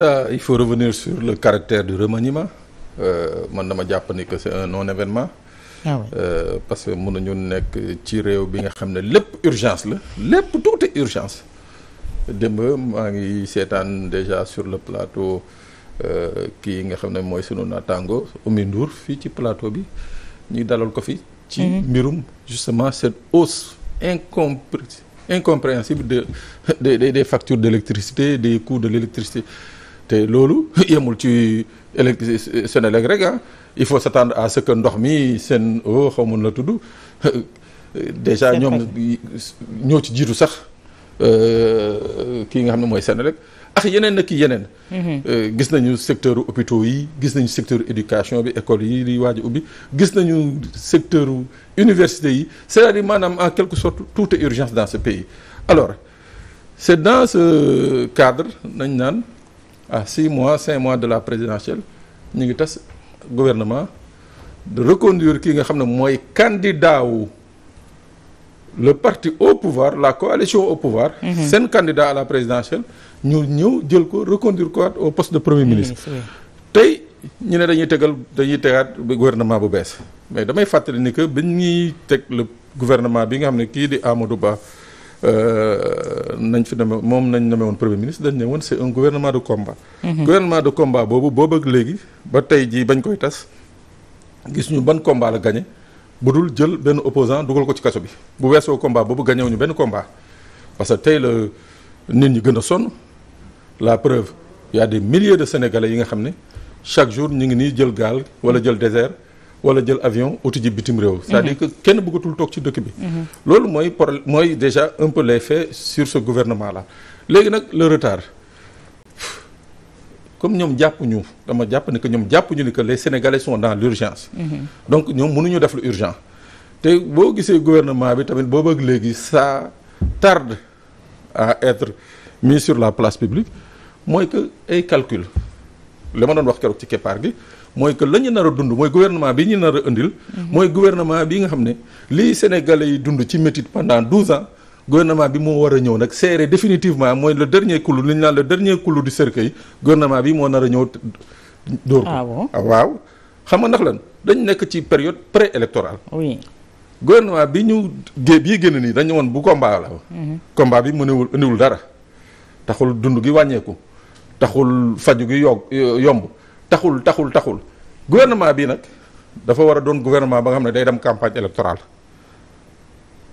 Euh, il faut revenir sur le caractère du remaniement euh, man dama jàpp ni que c'est un non-événement. Ah oui. euh, parce que nekk ci réew bi nga xam ne lépp urgence la lépp tout est urgence démb maa ngi seetaan déjà sur le plateau euh, kii nga xam ne mooy sunu naataango Oumy Ndour fii ci plateau bi ñuy dalal ko fi. ci mhm. mbirum justement cette hausse incompré incompréhensible de des des factures d'électricité des coûts de l'électricité te loolu yemul ci électricité Senelec rek ah il faut s'attendre à ce que ndox mi seen o xaw mun la tudd déjà ñoom ñoo ci jiitu sax euh, kii nga xam ne mooy Senelec ak yeneen nag ki yeneen mhm. euh, gis nañu secteur hôpitaux yi gis nañu secteur éducation bi école yi di waaj ubbi gis nañu secteur université yi c'est-à-dire maanaam en quelque sorte tout est urgence dans ce pays alors c'est dans ce cadre nañ naan à ah, six mois cinq mois de la présidentielle ñu ngi tas gouvernement de reconduire kii nga xam ne mooy candidat wu le parti au pouvoir la coalition au pouvoir mm-hmm. Mm-hmm. seen candidat à la présidentielle ñu ñëw jël ko reconduire ko au poste de premier ministre mm-hmm, tey ñu ne dañuy tegal dañuy tegaat gouvernement bu bees mais damay fàttali ni que bi ñuy teg le gouvernement bi nga xam ne kii di du baax Euh, nañ fi neme moom nañ neme woon premier ministre dañ ne woon c'est un gouvernement de combat. Mhm. gouvernement de combat boobu boo ak léegi ba tey jii bañ koy tas gis ñu ban combat la gagné bu dul jël benn opposant dugal ko ci kaso bi bu weesoo combat boobu gagné wuñu benn combat parce que tey la nit ñi gën a sonn la preuve y a des milliers de sénégalais yi nga xam ne chaque jour ñu ngi nii jël gaal wala jël désert. wala jël avion uti ji bitim réew c'est-à-dire mhm. que kenn bëggatul toog ci dëkk bi mhm. loolu mooy problème mooy déjà un peu les faits sur ce gouvernement là léegi nag le retard comme ñoom jàpp ñu dama jàpp ne que ñoom jàpp ñu ni que les sénégalais sont dans l'urgence mhm. donc ñoom mënuñu def lu urgent te boo gisee gouvernement bi tamit boo ak léegi sa tarde à être mis sur la place publique mooy que ay calcul li ma doon wax keroog ci keppaar gi mooy que la nar dund mooy gouvernement bi ñu nar a indil. Mhm. mooy gouvernement bi nga xam ne lii sénégalais yi dund ci métit pendant douze ans. gouvernement bi moo war a ñëw nag serré définitivement mooy le dernier clou li ñu naan le dernier clou du cercueil gouvernement bi moo nar a ñëw dóor ko ah ah, waaw xam nga ndax lan dañ nekk ci période pré électoral oui bi ñu gé bii génn nii dañu woon bu combat la mhm. combat bi mënewul indiwul dara taxul dund gi wàññeeku taxul faju gi yog yomb taxul taxul taxul gouvernement bi nag dafa war a doon gouvernement ba nga xam ne day dem campagne électorale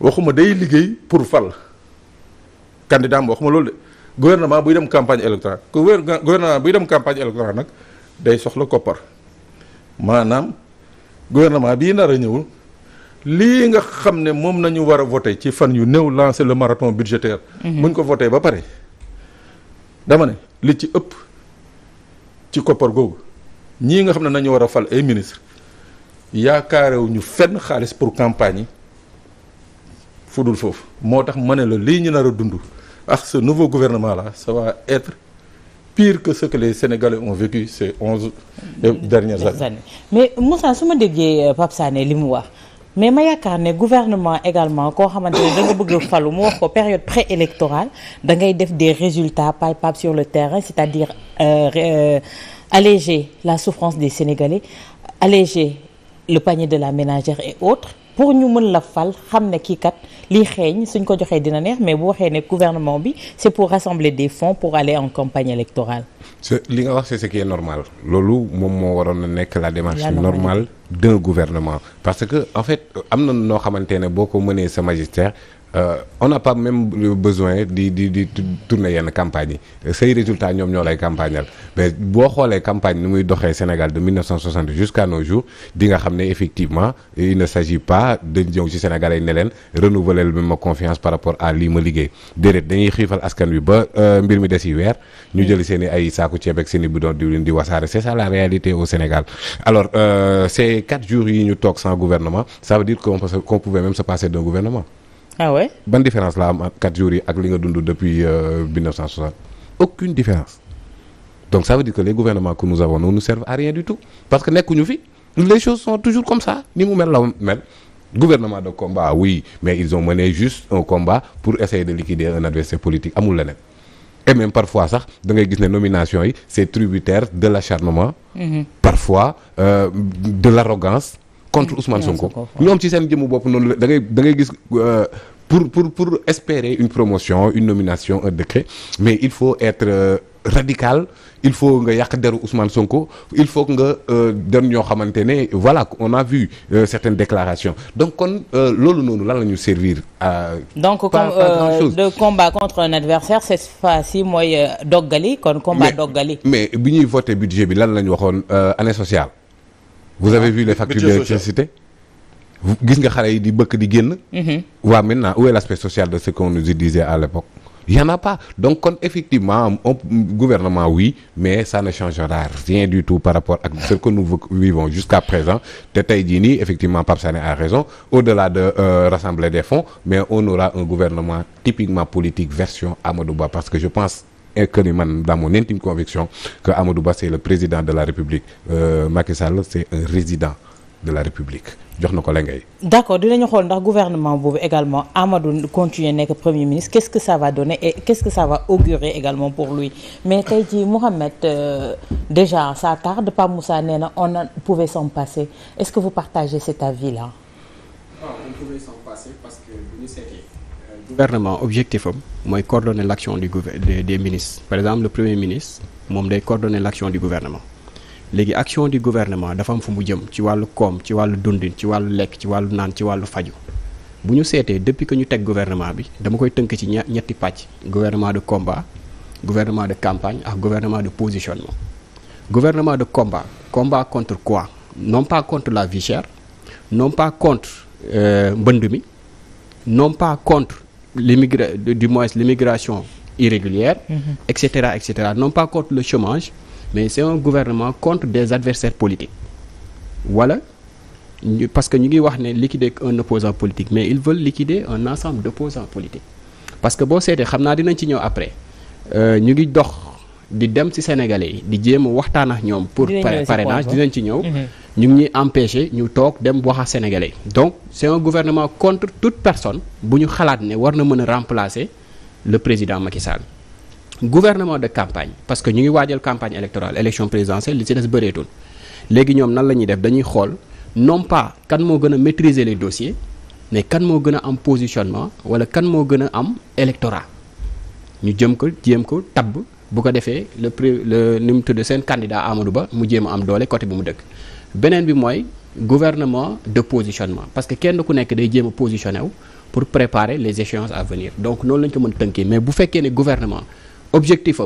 waxuma day liggéey pour fal candidat ma waxuma loolu de gouvernement buy dem campagne électorale gouvernement buy dem campagne électorale nag day soxla koppar maanaam gouvernement bii nar a ñëwul lii nga xam ne moom nañu war a voté ci fan yu néew lancer le marathon budgétaire muñ mhm. ko voté ba pare dama ne li ci ëpp ci koppar googu ñii nga xam ne nañu war a fal ay ministre yaakaarewuñu fenn xaalis pour campagne yi fudul foofu moo tax ma ne la lii ñu nar a dund ak ce nouveau gouvernement la ça va être pire que ce que les Sénégalais ont vécu ces onze dernières années mais Moussa su ma déggee euh, Pape Sané li mu wax mais ma yaakaar ne gouvernement également koo xamante ne bëgg a falu mu wax ko période préélectorale da ngay def des résultats palpables sur le terrain c'est-à-dire euh, euh, alléger la souffrance des Sénégalais alléger le panier de la ménagère et autres pour ñu mën la fal xam ne kii kat lii xeeñ suñ ko joxee dina neex mais boo waxee ne gouvernement bi c'est pour rassembler des fonds pour aller en campagne électorale. c'est li nga wax c'est ce qui est normal loolu moom moo waroon na nekk la démarche normale d'un gouvernement parce que en fait am na noo xamante ne boo ko mënee sa magistère Euh, on n'a pas même besoin di di di tourner yenn campagne yi say résultats ñoom ñoo lay campagnal mais boo xoolee campagne ni muy doxee Sénégal de 1960 jusqu'à nos jours di nga xam ne effectivement il ne s'agit pas de ñëw ci Sénégalais yi ne leen renouveler leen ma confiance par rapport à lii ma liggéey déedéet dañuy xiifal askan wi ba euh, mbir mi des yi weer ñu jël seen ay saaku ceeb ak seen i bidon diwlin di wasaare c'est ça la réalité au Sénégal alors euh, ces quatre jours ñu toog sans gouvernement ça veut dire qu'on peut qu'on pouvait même se passer d'un gouvernement ah ouais ban différence la am quatre jours yi ak li nga dund depuis euh, aucune différence donc ça veut dire que les gouvernements que nous avons nous servent à rien du tout parce que nekkuñu fi les choses sont toujours comme ça ni mu mel la mel gouvernement de combat oui mais ils ont mené juste un combat pour essayer de liquider un adversaire politique amul leneen et même parfois sax da ngay gis ne nomination yi c'est tributaire de l'acharnement mm-hmm. parfois euh, de contre mm. Ousmane Sonko ñoom ci seen jëmu bopp noonu la dangay da ngay gis euh, pour pour pour espérer une promotion une nomination un décret mais il faut être euh, radical il faut nga yàq deru Ousmane Sonko il faut nga euh, dem ñoo xamante ne voilà on a vu euh, certaines déclarations donc kon loolu noonu lan la ñu servir à. donc comme euh, de combat contre un adversaire cette fois mooy doggali kon combat doggali. mais bi ñuy voté budget bi lan la ñu waxoon année sociale. vous avez vu les factures d'électricité gis nga xale yi di bëkk di génn. Mhm. waaw maintenant où est l'aspect social de ce qu'on nous disait à l'époque y en a pas donc kon effectivement gouvernement oui mais ça ne changera rien du tout par rapport ak ce que nous vivons jusqu'à présent te tey jii nii effectivement Pape Sané a raison au-delà de euh, rassembler des fonds mais on aura un gouvernement typiquement politique version Amadou Ba parce que je pense et que ni man dans mon intime conviction que Amadou Ba c'est le président de la République euh, Macky Sall c'est un résident de la République jox na ko la ngay. d'accord dinañu xool ndax gouvernement boobu également Amadou continuer nekk premier ministre qu'est-ce que ça va donner et qu'est-ce que ça va augurer également pour lui mais tey jii Mohamed euh, déjà ça tarde Pape Moussa nee na on pouvait s'en passer est-ce que vous partagez cet avis-là. waaw ah, on pouvait s'en passer parce que bu ñu seetee gouvernement objectif am mooy coordonner l' action du des, des ministres par exemple le premier ministre moom day coordonner l' action du gouvernement léegi action du gouvernement dafa am fu mu jëm ci wàllu koom ci wàllu dundin ci wàllu lekk ci wàllu naan ci wàllu faju bu ñu seetee depuis que ñu teg gouvernement bi dama koy tënk ci ñetti pàcc gouvernement de combat gouvernement de campagne ak gouvernement de positionnement gouvernement de combat combat contre quoi non contre la vie chère non pas contre euh, mbënd mi l'immigra du moins l'immigration irrégulière mm -hmm. et cetera et cetera non pas contre le chômage mais c'est un gouvernement contre des adversaires politiques voilà parce que ñu ngi wax ne liquider un opposant politique mais ils veulent liquider un ensemble d'opposants politiques parce que boo seetee xam naa dinañ ci ñëw après euh, ñu ngi dox di dem ci sénégalais yi di jéem a waxtaan ak ñoom pour parrainage dinañ ci ñëw mhm. ñu ngi ñuy empêché ñu toog dem wax ak sénégalais yi donc c'est un gouvernement contre toute personne bu ñu xalaat ne war na mën a remplacer le président Macky Sall gouvernement de campagne parce que ñu ngi waajal campagne électorale élection présidentielle li ci des bëreetul léegi ñoom nan la ñuy def dañuy xool non pas kan moo gën a maîtriser les dossiers mais kan moo gën a am positionnement wala kan moo gën a am électorat ñu jëm ko jéem ko tabb bu ko defee le prix le ni mu tudd seen candidat Amadou Ba mu jéem a am doole côté bu mu dëkk beneen bi mooy gouvernement de positionnement parce que kenn ku nekk day jéem a pour préparer les échéances à venir donc noonu lañ ko mën tënkee mais bu fekkee ne gouvernement objectif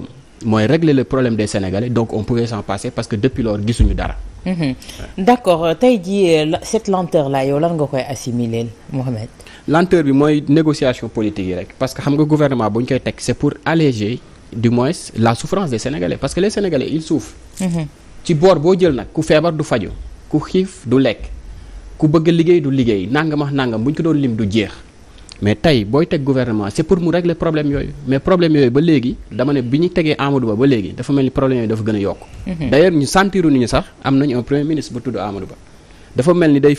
mooy régler le problème des Sénégalais donc on pouvait s'en passer parce que depuis lors gisuñu dara. Mhm. d'accord tey jii cette lenteur là yow lan nga koy assimiler Mohamed. du moins la souffrance des Sénégalais parce que les Sénégalais ils souffrent. Mhm. ci boor boo jël nag ku feebar du faju ku xiif du lekk ku bëgg liggéey du liggéey nangam ak bu ñu ko doon lim du jeex. mais tey booy teg gouvernement c'est pour mu régler problème yooyu mais problème yooyu ba léegi dama ne bi ñu tegee Amadou Ba ba léegi dafa mel ni problème yooyu dafa gën a yokk. Mhm. d'ailleurs ñu sentiru ni ñu sax am nañu un premier ministre bu tudd Amadou Ba dafa mel ni day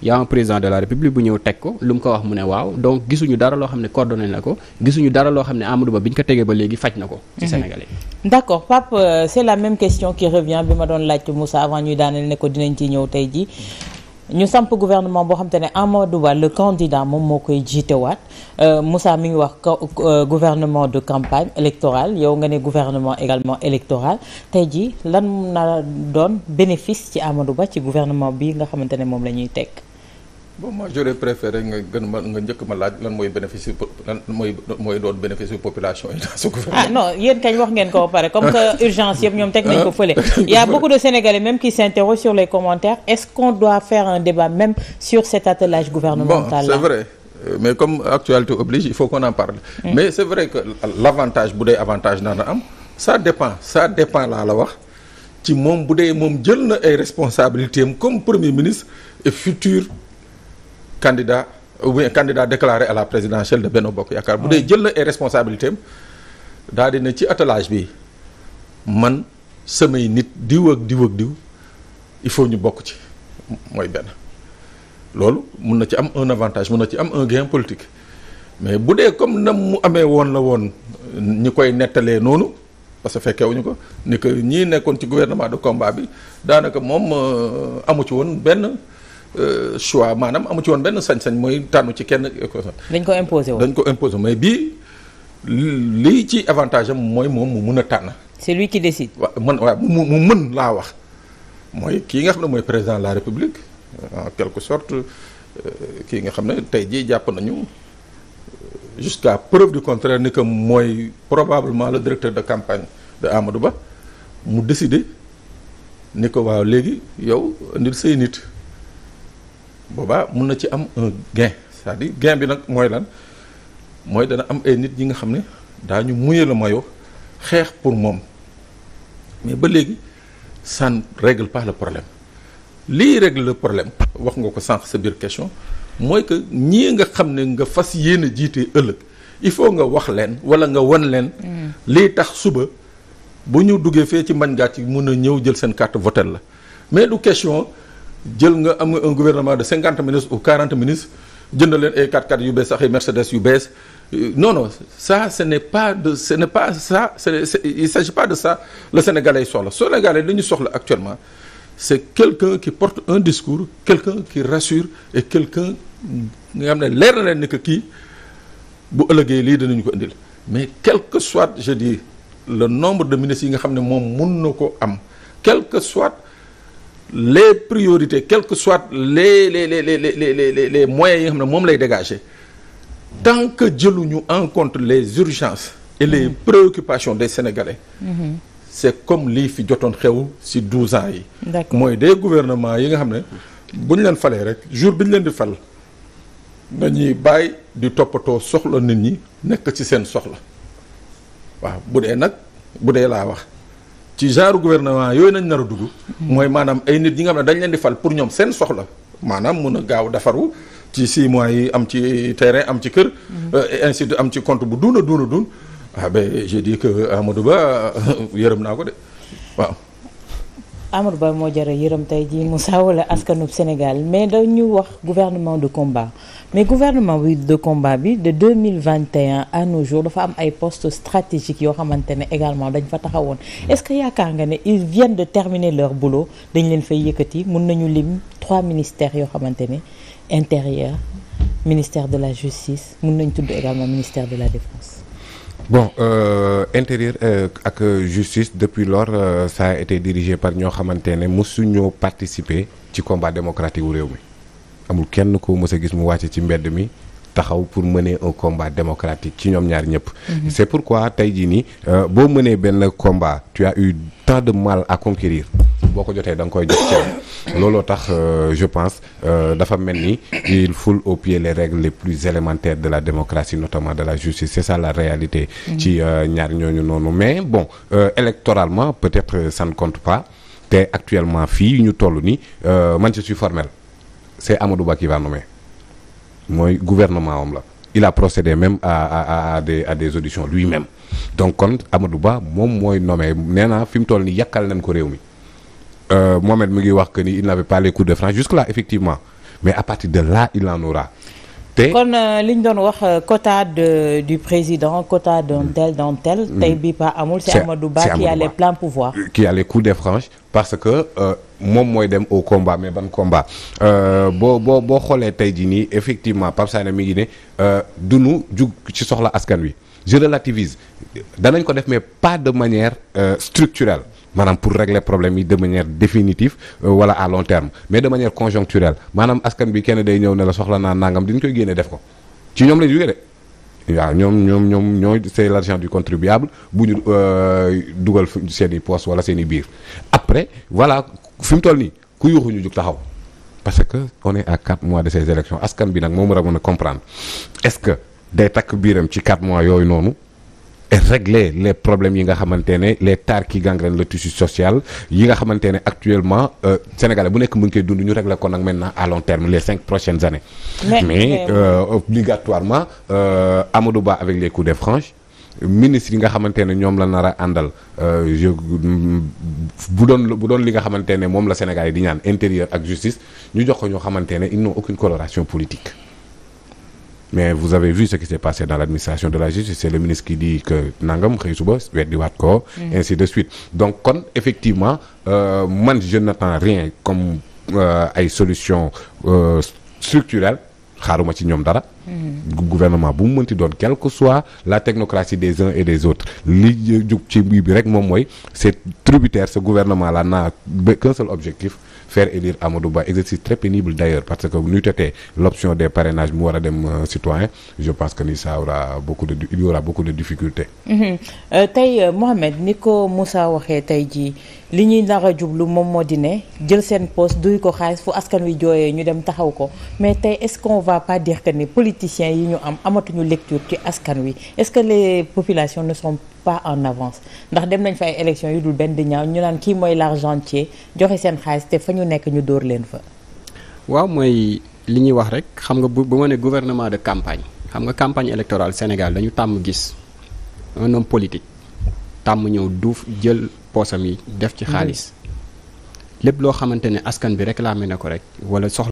y a président de la république bu ñëw teg ko lu mu ko wax mu ne waaw donc gisuñu dara loo xam ne coordonné na ko gisuñu dara loo xam ne Amadou Ba bi ñu ko tegee ba léegi faj na ko. ci mhm. Sénégalais yi. d' accord euh, la même question qui revient bi ma doon laajte Moussa avant ñuy daaneel ne ko dinañ ci ñëw tey jii. ñu samp gouvernement boo xamante ne Amadou Ba le candidat moom moo koy waat euh, Moussa mi ngi wax euh, gouvernement de campagne électorale yow nga ne gouvernement également électoral tey jii lan na doon bénéfice ci Amadou Ba ci gouvernement nga xamante ne moom la ñuy teg. bon moi j'aurais préféré nga gën ma nga njëkk ma laaj lan mooy bénéfice lan mooy mooy doon bénéfice population yi dans ce gouvernement. ah non yéen kañ wax ngeen ko pare comme que urgence yëpp ñoom teg ah, fële. il y a beaucoup de sénégalais même qui s'interrogent sur les commentaires est-ce qu'on doit faire un débat même sur cet attelage gouvernemental là c'est vrai euh, mais comme actualité oblige il faut qu'on en parle. Mm. mais c'est vrai que l'avantage bu dee avantage daan na am ça dépend la wax. ci moom bu dee moom jël na ay responsabilités am comme premier ministre candidat ou bien candidat déclaré à la présidentielle de benn Bokk Yaakaar bu dee ah. jël na ay responsabilités am ci attelage bi man samay nit diw ak diw ak diw il faut ñu bokk ci mooy benn loolu mun na ci am un avantage mun na ci am un gain politique mais bu dee comme na mu amee woon la woon ñi koy nettalee noonu parce que fekkewuñu ko ni que ñii nekkoon ci gouvernement de combat bi daanaka moom euh, amu ci woon benn Euh, choix maanaam amu ci woon benn sañ-sañ mooy tànnu ci kenn. dañ ko imposer woon dañ ko imposer mais bii lii ci avantage am mooy moom mu mun a tànn. c'est lui qui décide. waaw man waaw mu mu mën laa wax mooy kii nga xam ne mooy président la république en quelque sorte euh, kii nga xam ne tey jii jàpp nañu. Euh, jusqu'à preuve du contraire ni que mooy probablement le directeur de campagne de Amadou Ba mu décidé ni ko waaw léegi yow indi say nit boobaa mun na ci am un gain cest à gain bi nag mooy lan mooy dana am ay nit ñi nga xam ne daañu mouiller le maillot xeex pour moom mais ba léegi san régle règle pas problème lii régle le problème wax nga ko sànq sa biir question mooy que ñii nga xam ne nga fas yéene jiite ëllëg il faut nga wax leen wala nga wan leen. Mm. lii tax suba bu ñu duggee fee ci mbañ gàcc mun a ñëw jël seen carte votel la mais du question. jël nga am nga un gouvernement de cinquante ministres ou quarante ministres jënd leen ay 4x4 yu bees sax ay Mercedes yu bees euh, non non ça ce pas de ce pas ça c'est il s'agit pas de ça le Sénégalais soxla Sénégalais li ñu soxla actuellement c'est quelqu'un qui porte un discours quelqu'un qui rassure et quelqu'un nga xam ne leer na leen ni que kii bu ëllëgee lii dinañu ko indil mais quelque soit je dis le nombre de ministres yi nga xam ne moom mun na ko am quel que les priorités quelles que soient les les les les les les les moyens yi nga xam ne moom lay dégager tant que jëluñu en compte les urgences et les mm-hmm. préoccupations des Sénégalais mm-hmm. c'est comme lii fi jotoon xew ci douze ans yi mooy des gouvernements yi nga xam ne bu ñu leen falee rek jour bi ñu leen di fal dañuy bàyyi di toppatoo soxla nit ñi nekk ci seen soxla waaw bu dee nag bu dee laa wax ci genre gouvernement yooyu nañ nar a dugg. mooy maanaam ay nit ñi nga xam ne dañ leen di fal pour ñoom seen soxla maanaam mun a gaaw defaru ci six mois yi am ci terrain am ci kër. et am ci compte bu duun a duun a duun ah ben j'ai dit que Amadou Ba yërëm naa ko de waaw. Amadou Ba moo jaree yërëm tey jii mu saawale askanub Sénégal mais dañu wax gouvernement de combat mais gouvernement bi de combat bi de 2021 à nos jours dafa am ay post stratégiques yoo xamante ne également dañ fa taxawoon est-ce que yaakaar nga ne ils viennent de terminer leur bulo dañ leen fay yëkkati mën nañu lim trois ministères yoo xamante ne intérieur ministère de la justice mën nañ tudd également ministère de la défense bon euh, intérieur euh, ak justice depuis lors euh, ça a été dirigé par ñoo xamante ne mosuñoo participer ci combat démocratique wu réew mi amul kenn ko mës a gis mu wàcce ci mbedd mi taxaw pour mener un combat démocratique ci ñoom ñaar ñëpp. Mhm. c'est pourquoi tey jii nii euh, boo mënee benn combat tu eu tant de mal à conquérir. boo ko jotee da koy jot ceeb looloo tax euh, je pense euh, dafa mel ni il foule au pieds les règles les plus élémentaires de la démocratie notamment de la justice c'est ça la réalité ci euh, ñaar ñooñu noonu mais bon électoralement peut-être ça ne compte pas te actuellement fii ñu toll nii man je suis formel c'est Amadou Ba qui va mooy gouvernement am la il a procédé même à à à des à auditions lui-même donc kon Amadou Ba moom mooy nommé nee naa fi mu toll nii yàkkal nañ ko réew mi euh, Mohamed mu ngi wax que ni il n'avait pas les coups de France jusque là effectivement mais à partir de là il en aura. kon euh, li ñu doon wax euh, quota de du président quota d'un mm. tel d'un tel. Mm. tey bii pas amul c'est Amadou Ba qui a les pleins pouvoirs. Euh, qui a les coups de franche parce que moom mooy dem au combat mais ban combat boo boo boo xoolee tey jii nii effectivement Pape Sané mi ngi ne du dunu jug ci soxla askan wi je relativise danañ ko def mais pas de manière structurelle. maanaam pour régler problème yi de manière définitive euh, wala à long terme mais de manière conjoncturelle maanaam askan bi kenn day ñëw ne la soxla naa nangam diñ koy génne def ko ci ñoom lay jógee de waaw ñoom ñoom ñoom ñooy c'est l'argent du contribuable bu ñu euh, dugal seen i poche wala seen i biir après voilà fi mu toll nii ku yuuxu ñu jug taxaw parce que on est à mois de ces élections askan bi nag moom war a a comprendre est-ce que day takk biiram ci 4 mois yooyu noonu et régler les problèmes yi nga xamante ne les tares qui gangrènent le tissu social yi nga xamante ne actuellement euh, sénégalais bu nekk mu ngi koy dund ñu régler ko nag maintenant à long terme les cinq prochaines années. mais, mais euh, obligatoirement euh, Amadou Ba avec les coups de franche ministre yi nga xamante ne ñoom la nar a àndal euh, je bu doon bu doon li nga xamante ne moom la Sénégal di ñaan intérieur ak justice ñu jox ko ñoo xamante ne ils n'ont aucune coloration politique. mais vous avez vu ce qui s'est passé dans l'administration de la justice c'est le ministre qui dit que nangam xëy suba weddi waat ko mm. ainsi de suite donc kon effectivement euh, man jeune je n'attends rien comme euh, ay euh, solution euh, structurelle xaaruma ci ñoom dara mm. gouvernement bu mu mënti doon quelle que soit la technocratie des uns et des autres li jug ci bii bi rek moom mooy c'est tributaire ce gouvernement là n'a qu'un seul objectif faire élire Amadou Ba exercice très pénible d'ailleurs parce que bu ñu l'option des parrainages mu war a dem euh, citoyen je pense que ni ça aura beaucoup de difficultés. Mm-hmm. Euh, tey euh, Mohamed ni ko Moussa waxee tey jii. li ñuy nar jublu moom moo di ne jël seen poste duy ko xaalis fu askan wi jooyee ñu dem taxaw ko mais tey est-ce qu'on va pas dire que ni politiciens yi ñu am amatuñu lecture ci askan wi est-ce que les populations ne sont pas en avance ndax dem nañ fa ay élections yu dul benn di ñaaw ñu naan kii mooy l'argentier joxe seen xaalis te fa ñu nekk ñu dóor leen fa. waaw mooy li ñuy wax rek xam nga bu bu ma ne gouvernement de campagne xam nga campagne électorale Sénégal dañu tàmm gis un tàmm ñëw duuf jël poosam yi def ci mm-hmm. xaalis lépp loo xamante ne askan bi réclamé na ko rek wala soxla